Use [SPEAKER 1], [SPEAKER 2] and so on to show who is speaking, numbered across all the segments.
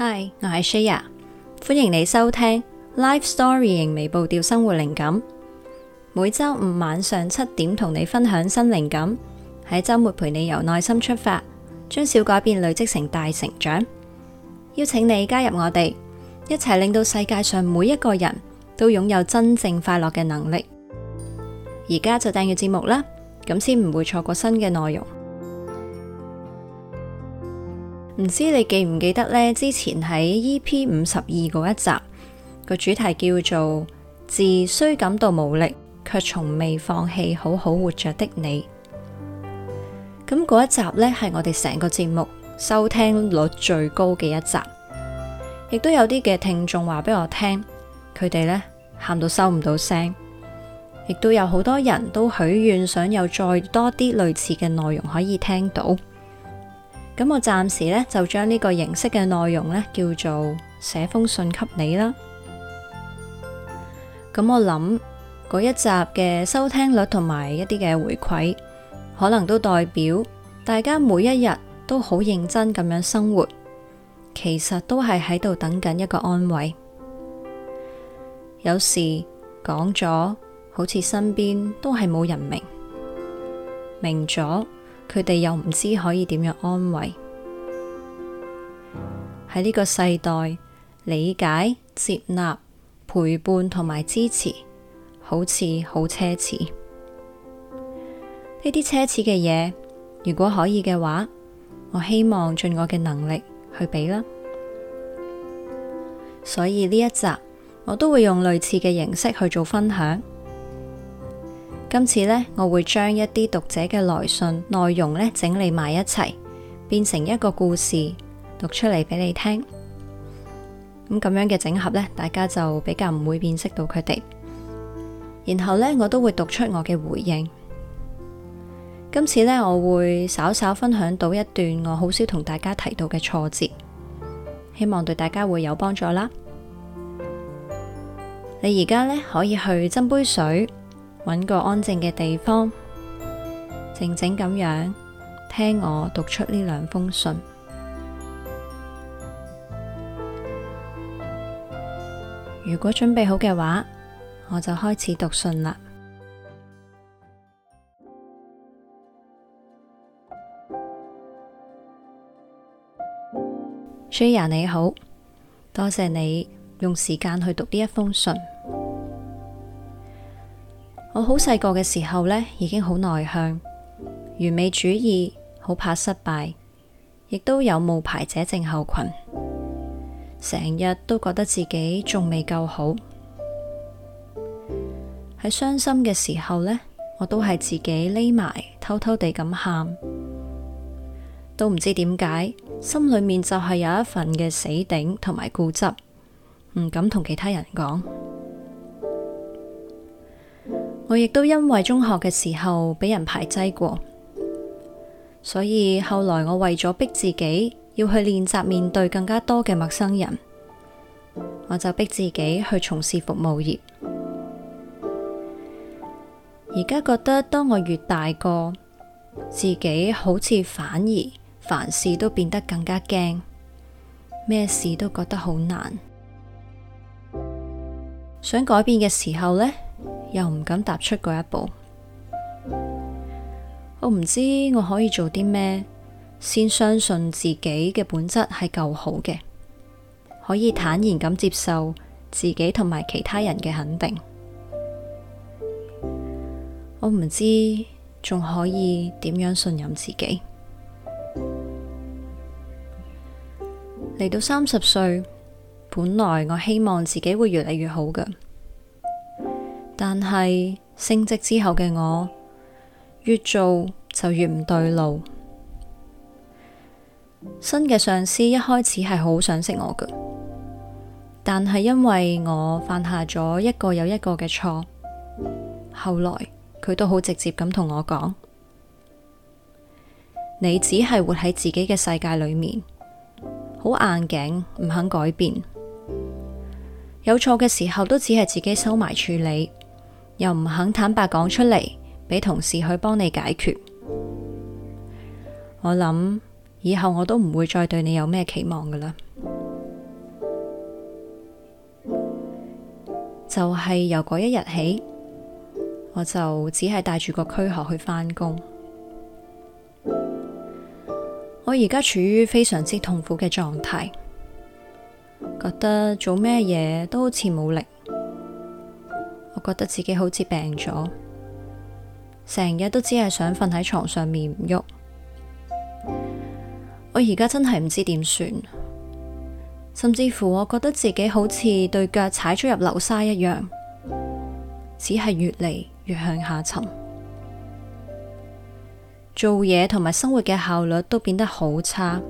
[SPEAKER 1] Hi，我係 Shaya，歡迎你收聽 Life Storying，仍微步調，生活靈感。每周五晚上七點同你分享新靈感，喺周末陪你由內心出發，將小改變累積成大成長。邀請你加入我哋，一齊令到世界上每一個人都擁有真正快樂嘅能力。而家就訂閱節目啦，咁先唔會錯過新嘅內容。唔知你記唔記得呢？之前喺 EP 五十二嗰一集，個主題叫做《自雖感到無力，卻從未放棄好好活着的你》。咁嗰一集呢，係我哋成個節目收聽率最高嘅一集，亦都有啲嘅聽眾話俾我聽，佢哋呢，喊到收唔到聲，亦都有好多人都許願想有再多啲類似嘅內容可以聽到。咁我暫時呢，就將呢個形式嘅內容呢，叫做寫封信給你啦。咁我諗嗰一集嘅收聽率同埋一啲嘅回饋，可能都代表大家每一日都好認真咁樣生活，其實都係喺度等緊一個安慰。有時講咗，好似身邊都係冇人明明咗。佢哋又唔知可以點樣安慰，喺呢個世代，理解、接納、陪伴同埋支持，好似好奢侈。呢啲奢侈嘅嘢，如果可以嘅話，我希望盡我嘅能力去俾啦。所以呢一集，我都會用類似嘅形式去做分享。今次呢，我會將一啲讀者嘅來信內容呢整理埋一齊，變成一個故事讀出嚟俾你聽。咁咁樣嘅整合呢，大家就比較唔會辨識到佢哋。然後呢，我都會讀出我嘅回應。今次呢，我會稍稍分享到一段我好少同大家提到嘅挫折，希望對大家會有幫助啦。你而家呢，可以去斟杯水。揾個安靜嘅地方，靜靜咁樣聽我讀出呢兩封信。如果準備好嘅話，我就開始讀信啦。Shaya 你好，多謝你用時間去讀呢一封信。我好細個嘅時候呢，已經好內向、完美主義，好怕失敗，亦都有冒牌者症候群，成日都覺得自己仲未夠好。喺傷心嘅時候呢，我都係自己匿埋，偷偷地咁喊，都唔知點解，心裏面就係有一份嘅死頂同埋固執，唔敢同其他人講。我亦都因為中學嘅時候俾人排擠過，所以後來我為咗逼自己要去練習面對更加多嘅陌生人，我就逼自己去從事服務業。而家覺得當我越大個，自己好似反而凡事都變得更加驚，咩事都覺得好難。想改變嘅時候呢。又唔敢踏出嗰一步，我唔知我可以做啲咩，先相信自己嘅本質係夠好嘅，可以坦然咁接受自己同埋其他人嘅肯定。我唔知仲可以點樣信任自己。嚟到三十歲，本來我希望自己會越嚟越好嘅。但係升職之後嘅我越做就越唔對路。新嘅上司一開始係好賞識我嘅，但係因為我犯下咗一個又一個嘅錯，後來佢都好直接咁同我講：「你只係活喺自己嘅世界裏面，好硬頸，唔肯改變，有錯嘅時候都只係自己收埋處理。又唔肯坦白講出嚟，畀同事去幫你解決。我諗以後我都唔會再對你有咩期望㗎喇。就係由嗰一日起，我就只係帶住個軀殼去返工。我而家處於非常之痛苦嘅狀態，覺得做咩嘢都好似冇力。我覺得自己好似病咗，成日都只係想瞓喺床上面唔喐。我而家真係唔知點算，甚至乎我覺得自己好似對腳踩咗入流沙一樣，只係越嚟越向下沉。做嘢同埋生活嘅效率都變得好差，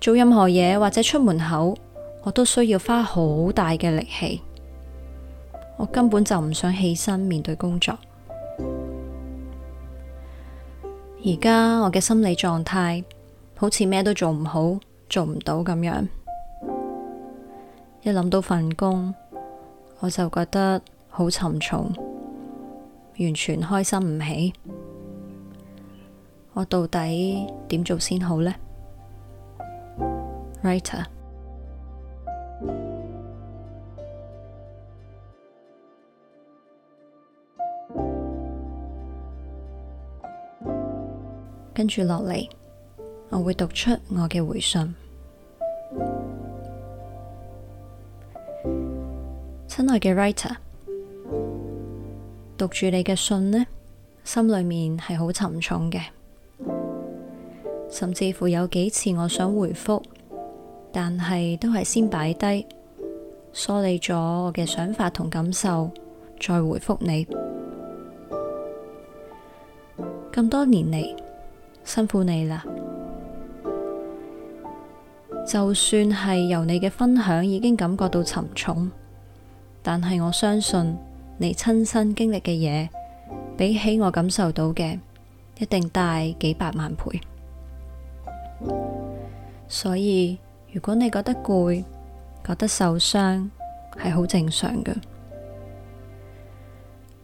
[SPEAKER 1] 做任何嘢，或者出門口，我都需要花好大嘅力氣。我根本就唔想起身面對工作，而家我嘅心理狀態好似咩都做唔好、做唔到咁樣。一諗到份工，我就覺得好沉重，完全開心唔起。我到底點做先好呢？Writer。跟住落嚟，我會讀出我嘅回信。親愛嘅 writer，讀住你嘅信呢，心裏面係好沉重嘅，甚至乎有幾次我想回覆但係都係先擺低，梳理咗我嘅想法同感受，再回覆你。咁多年嚟。辛苦你啦！就算係由你嘅分享已經感覺到沉重，但係我相信你親身經歷嘅嘢，比起我感受到嘅，一定大幾百萬倍。所以，如果你覺得攰、覺得受傷，係好正常嘅。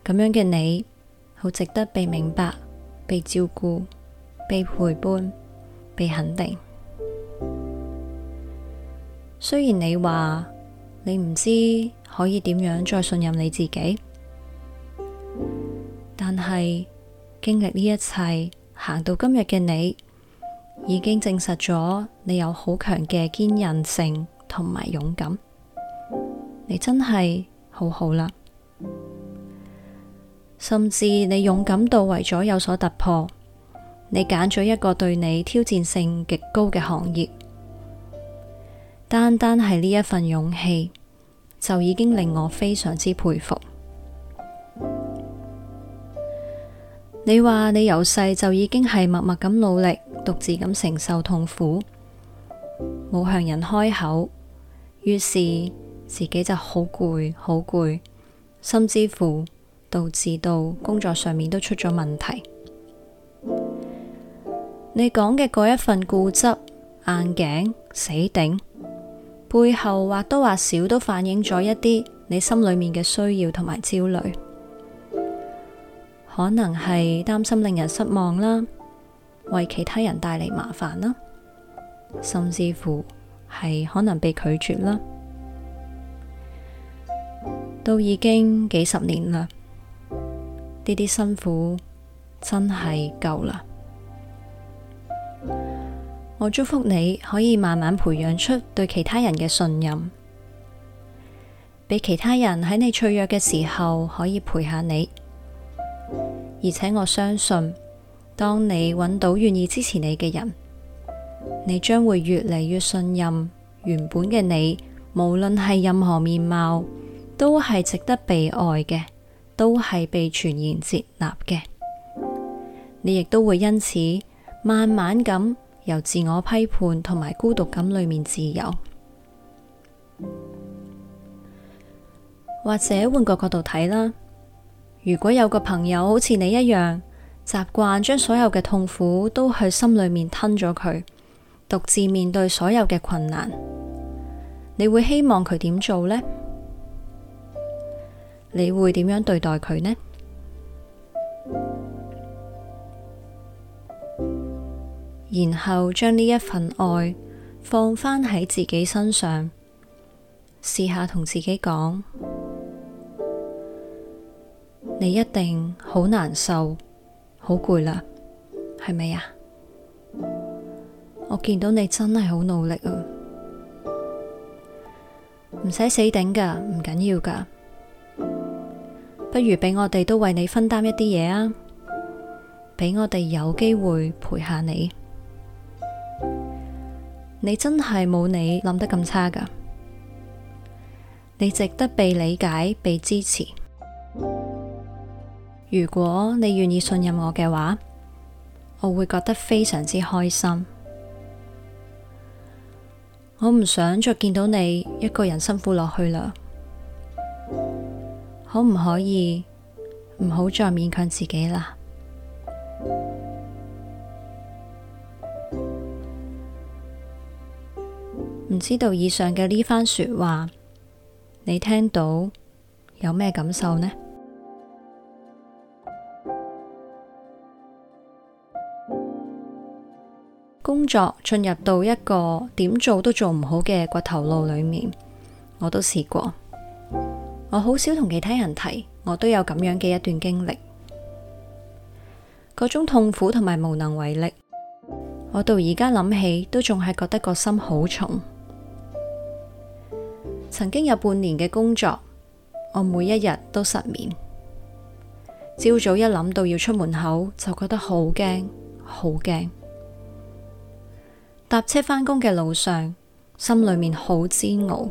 [SPEAKER 1] 咁樣嘅你，好值得被明白、被照顧。被陪伴，被肯定。雖然你話你唔知可以點樣再信任你自己，但係經歷呢一切，行到今日嘅你，已經證實咗你有好強嘅堅韌性同埋勇敢。你真係好好啦，甚至你勇敢到為咗有所突破。你揀咗一個對你挑戰性極高嘅行業，單單係呢一份勇氣，就已經令我非常之佩服。你話你由細就已經係默默咁努力，獨自咁承受痛苦，冇向人開口，於是自己就好攰，好攰，甚至乎導致到工作上面都出咗問題。你講嘅嗰一份固執、硬頸、死頂，背後或多或少都反映咗一啲你心裏面嘅需要同埋焦慮，可能係擔心令人失望啦，為其他人帶嚟麻煩啦，甚至乎係可能被拒絕啦，都已經幾十年啦，呢啲辛苦真係夠啦。我祝福你可以慢慢培養出對其他人嘅信任，俾其他人喺你脆弱嘅時候可以陪下你。而且我相信，當你揾到願意支持你嘅人，你將會越嚟越信任原本嘅你。無論係任何面貌，都係值得被愛嘅，都係被全然接納嘅。你亦都會因此慢慢咁。由自我批判同埋孤獨感裏面自由，或者換個角度睇啦。如果有個朋友好似你一樣，習慣將所有嘅痛苦都去心裏面吞咗佢，獨自面對所有嘅困難，你會希望佢點做呢？你會點樣對待佢呢？然後將呢一份愛放返喺自己身上，試下同自己講：你一定好難受、好攰啦，係咪啊？我見到你真係好努力啊，唔使死頂㗎，唔緊要㗎。不如俾我哋都為你分擔一啲嘢啊，俾我哋有機會陪下你。你真係冇你諗得咁差㗎，你值得被理解、被支持。如果你願意信任我嘅話，我會覺得非常之開心。我唔想再見到你一個人辛苦落去啦，可唔可以唔好再勉強自己啦？唔知道以上嘅呢番說話，你聽到有咩感受呢？工作進入到一個點做都做唔好嘅掘頭路裏面，我都試過。我好少同其他人提，我都有咁樣嘅一段經歷。嗰種痛苦同埋無能為力，我到而家諗起，都仲係覺得個心好重。曾經有半年嘅工作，我每一日都失眠。朝早一諗到要出門口，就覺得好驚，好驚。搭車返工嘅路上，心裏面好煎熬。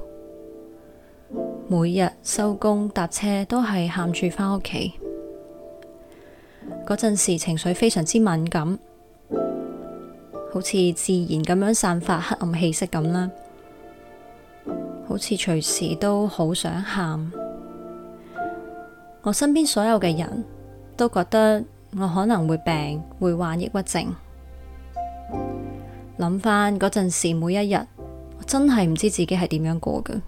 [SPEAKER 1] 每日收工搭車都係喊住返屋企。嗰陣時情緒非常之敏感，好似自然咁樣散發黑暗氣息咁啦。好似隨時都好想喊，我身邊所有嘅人都覺得我可能會病，會患抑鬱症。諗返嗰陣時，每一日我真係唔知自己係點樣過嘅。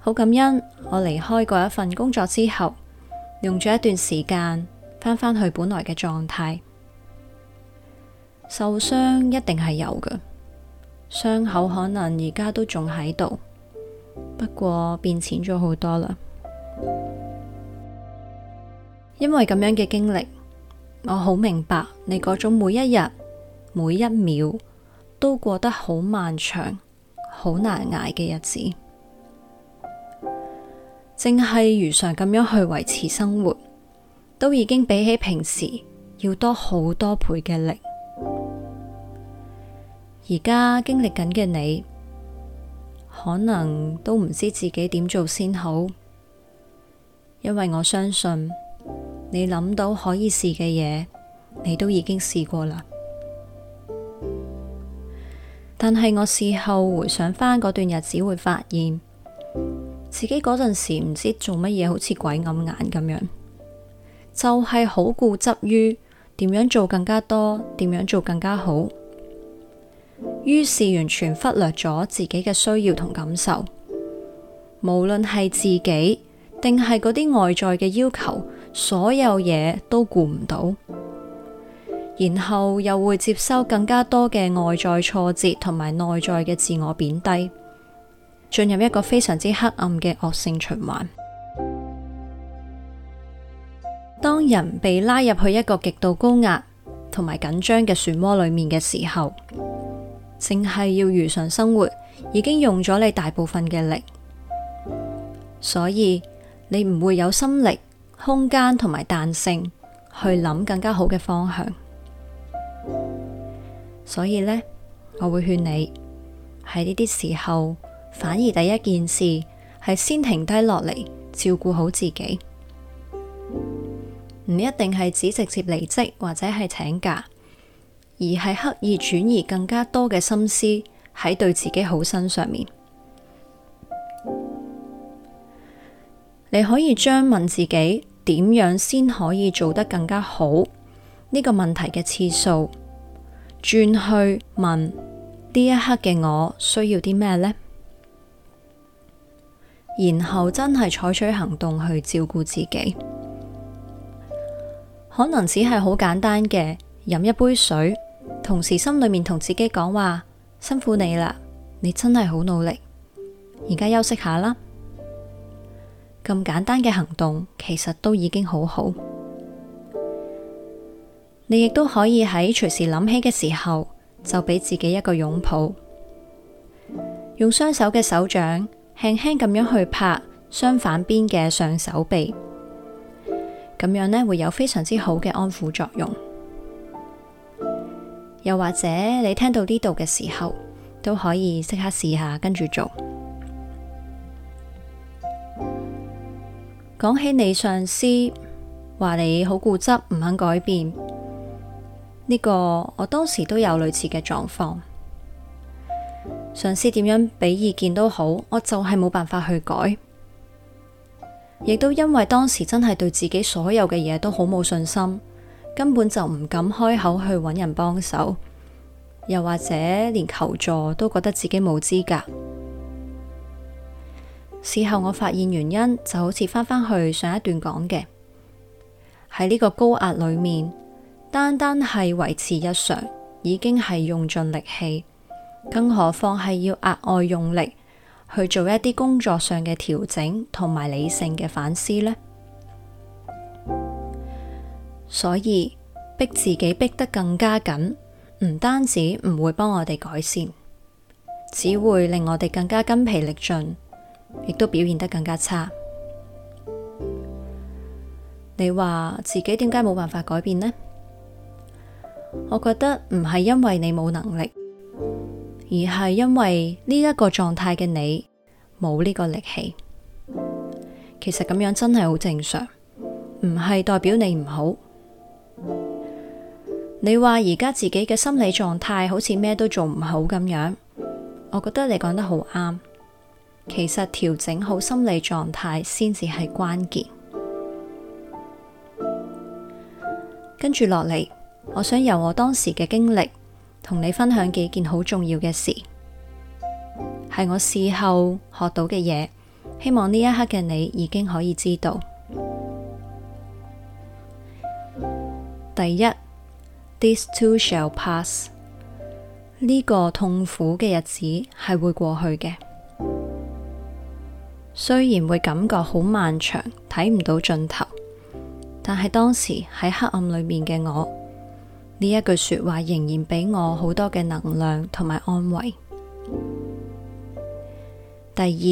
[SPEAKER 1] 好感恩，我離開過一份工作之後，用咗一段時間翻返去本來嘅狀態。受傷一定係有嘅。傷口可能而家都仲喺度，不過變淺咗好多啦。因為咁樣嘅經歷，我好明白你嗰種每一日、每一秒都過得好漫長、好難捱嘅日子。淨係如常咁樣去維持生活，都已經比起平時要多好多倍嘅力。而家經歷緊嘅你，可能都唔知自己點做先好，因為我相信你諗到可以試嘅嘢，你都已經試過啦。但係我事後回想返嗰段日子，會發現自己嗰陣時唔知做乜嘢，好似鬼揞眼咁樣，就係好固執於點樣做更加多，點樣做更加好。於是完全忽略咗自己嘅需要同感受，無論係自己定係嗰啲外在嘅要求，所有嘢都顧唔到，然後又會接收更加多嘅外在挫折同埋內在嘅自我貶低，進入一個非常之黑暗嘅惡性循環。當人被拉入去一個極度高壓同埋緊張嘅漩渦裏面嘅時候，淨係要如常生活，已經用咗你大部分嘅力，所以你唔會有心力、空間同埋彈性去諗更加好嘅方向。所以呢，我會勸你喺呢啲時候，反而第一件事係先停低落嚟照顧好自己，唔一定係指直接離職或者係請假。而係刻意轉移更加多嘅心思喺對自己好身上面。你可以將問自己點樣先可以做得更加好呢個問題嘅次數，轉去問呢一刻嘅我需要啲咩呢？然後真係採取行動去照顧自己，可能只係好簡單嘅飲一杯水。同時心裏面同自己講話：辛苦你啦，你真係好努力。而家休息下啦。咁簡單嘅行動，其實都已經好好。你亦都可以喺隨時諗起嘅時候，就俾自己一個擁抱，用雙手嘅手掌輕輕咁樣去拍相反邊嘅上手臂，咁樣呢，會有非常之好嘅安撫作用。又或者你聽到呢度嘅時候，都可以即刻試下跟住做。講起你上司話你好固執，唔肯改變，呢個我當時都有類似嘅狀況。上司點樣俾意見都好，我就係冇辦法去改，亦都因為當時真係對自己所有嘅嘢都好冇信心。根本就唔敢開口去揾人幫手，又或者連求助都覺得自己冇資格。事後我發現原因就好似翻返去上一段講嘅，喺呢個高壓裏面，單單係維持日常已經係用盡力氣，更何況係要額外用力去做一啲工作上嘅調整同埋理性嘅反思呢。所以逼自己逼得更加緊，唔單止唔會幫我哋改善，只會令我哋更加筋疲力盡，亦都表現得更加差。你話自己點解冇辦法改變呢？我覺得唔係因為你冇能力，而係因為呢一個狀態嘅你冇呢個力氣。其實咁樣真係好正常，唔係代表你唔好。你話而家自己嘅心理狀態好似咩都做唔好咁樣，我覺得你講得好啱。其實調整好心理狀態先至係關鍵。跟住落嚟，我想由我當時嘅經歷同你分享幾件好重要嘅事，係我事後學到嘅嘢，希望呢一刻嘅你已經可以知道。第一，this too shall pass，呢個痛苦嘅日子係會過去嘅。雖然會感覺好漫長，睇唔到盡頭，但係當時喺黑暗裏面嘅我，呢一句說話仍然俾我好多嘅能量同埋安慰。第二，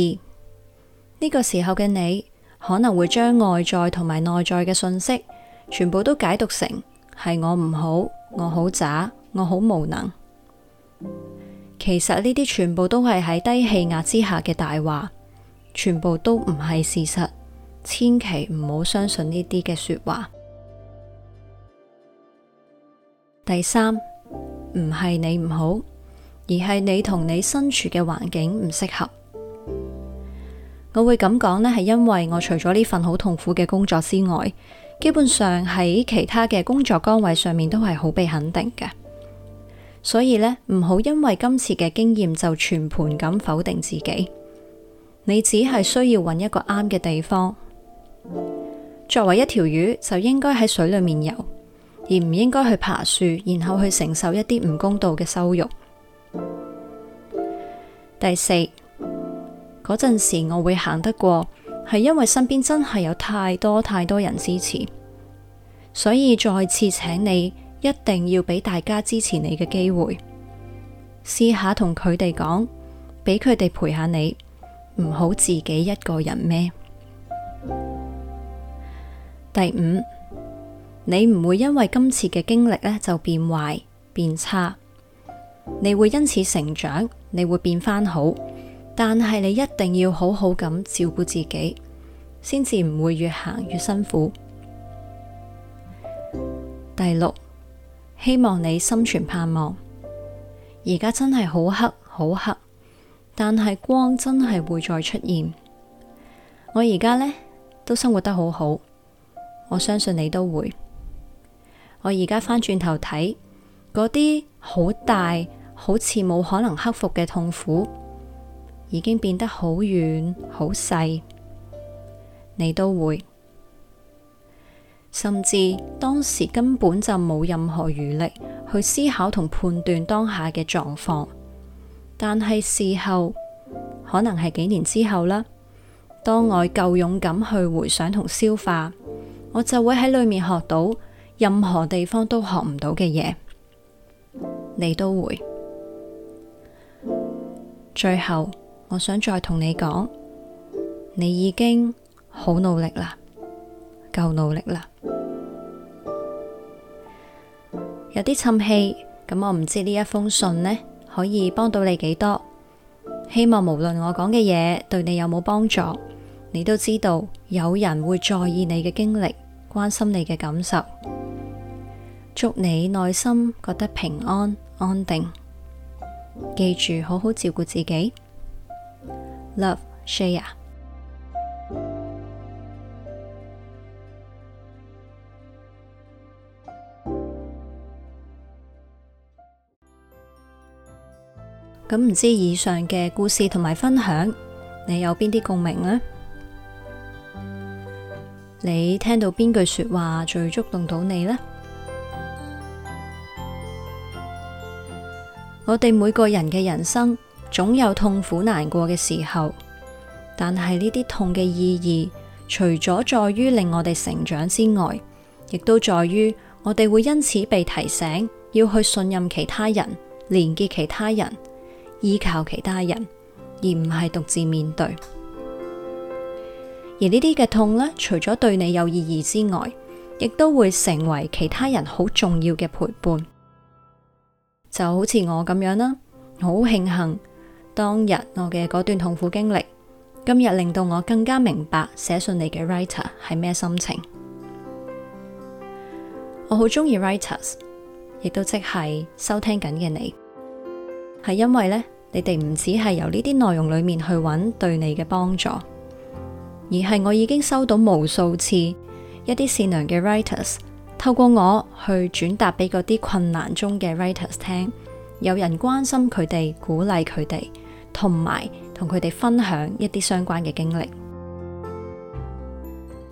[SPEAKER 1] 呢個時候嘅你可能會將外在同埋內在嘅信息全部都解讀成。係我唔好，我好渣，我好無能。其實呢啲全部都係喺低氣壓之下嘅大話，全部都唔係事實。千祈唔好相信呢啲嘅說話。第三，唔係你唔好，而係你同你身處嘅環境唔適合。我會咁講呢，係因為我除咗呢份好痛苦嘅工作之外。基本上喺其他嘅工作崗位上面都係好被肯定嘅，所以呢，唔好因為今次嘅經驗就全盤咁否定自己。你只係需要揾一個啱嘅地方。作為一條魚就應該喺水裏面游，而唔應該去爬樹，然後去承受一啲唔公道嘅羞辱。第四，嗰陣時我會行得過。係因為身邊真係有太多太多人支持，所以再次請你一定要俾大家支持你嘅機會，試下同佢哋講，俾佢哋陪下你，唔好自己一個人孭。第五，你唔會因為今次嘅經歷呢就變壞變差，你會因此成長，你會變返好。但係你一定要好好咁照顧自己，先至唔會越行越辛苦。第六，希望你心存盼望。而家真係好黑，好黑，但係光真係會再出現。我而家呢，都生活得好好，我相信你都會。我而家翻轉頭睇嗰啲好大，好似冇可能克服嘅痛苦。已經變得好遠好細，你都會。甚至當時根本就冇任何餘力去思考同判斷當下嘅狀況，但係事後可能係幾年之後啦，當我夠勇敢去回想同消化，我就會喺裏面學到任何地方都學唔到嘅嘢，你都會。最後，我想再同你講，你已經好努力啦，夠努力啦。有啲沉氣，咁我唔知呢一封信呢可以幫到你幾多。希望無論我講嘅嘢對你有冇幫助，你都知道有人會在意你嘅經歷，關心你嘅感受。祝你內心覺得平安安定，記住好好照顧自己。Love，share。咁唔 Love ,知以上嘅故事同埋分享，你有邊啲共鳴呢？你聽到邊句說話最觸動到你呢？我哋每個人嘅人生，總有痛苦難過嘅時候，但係呢啲痛嘅意義，除咗在於令我哋成長之外，亦都在於我哋會因此被提醒要去信任其他人、連結其他人、依靠其他人，而唔係獨自面對。而呢啲嘅痛呢，除咗對你有意義之外，亦都會成為其他人好重要嘅陪伴。就好似我咁樣啦，好慶幸。當日我嘅嗰段痛苦經歷，今日令到我更加明白寫信你嘅 writer 係咩心情。我好鍾意 writers，亦都即係收聽緊嘅你，係因為呢，你哋唔止係由呢啲內容裏面去揾對你嘅幫助，而係我已經收到無數次一啲善良嘅 writers 透過我去轉達俾嗰啲困難中嘅 writers 聽，有人關心佢哋，鼓勵佢哋。同埋同佢哋分享一啲相關嘅經歷，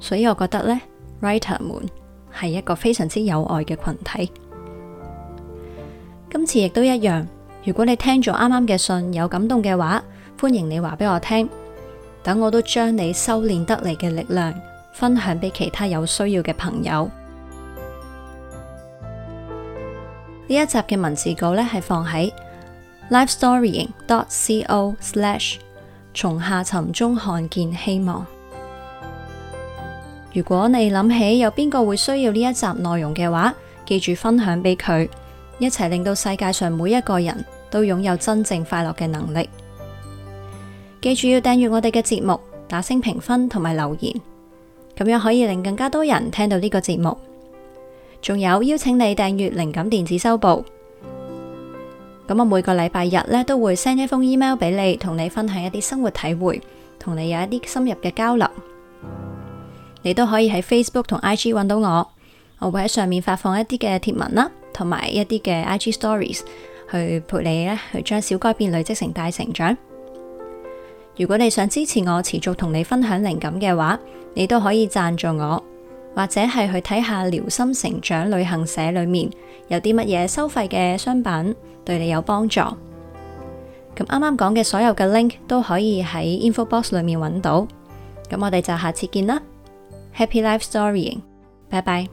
[SPEAKER 1] 所以我覺得呢，writer 們係一個非常之有愛嘅群體。今次亦都一樣，如果你聽咗啱啱嘅信有感動嘅話，歡迎你話俾我聽，等我都將你修煉得嚟嘅力量分享俾其他有需要嘅朋友。呢一集嘅文字稿呢，係放喺 lifestorying.co/slash 從下沉中看見希望。如果你諗起有邊個會需要呢一集內容嘅話，記住分享俾佢，一齊令到世界上每一個人都擁有真正快樂嘅能力。記住要訂閱我哋嘅節目，打星評分同埋留言，咁樣可以令更加多人聽到呢個節目。仲有邀請你訂閱靈感電子週報。咁我每個禮拜日呢都會 send 一封 email 俾你，同你分享一啲生活體會，同你有一啲深入嘅交流。你都可以喺 Facebook 同 IG 揾到我，我會喺上面發放一啲嘅貼文啦，同埋一啲嘅 IG Stories 去陪你呢，去將小改變累積成大成長。如果你想支持我持續同你分享靈感嘅話，你都可以贊助我。或者係去睇下療心成長旅行社裏面有啲乜嘢收費嘅商品對你有幫助。咁啱啱講嘅所有嘅 link 都可以喺 info box 裏面揾到。咁我哋就下次見啦。Happy life story。拜拜。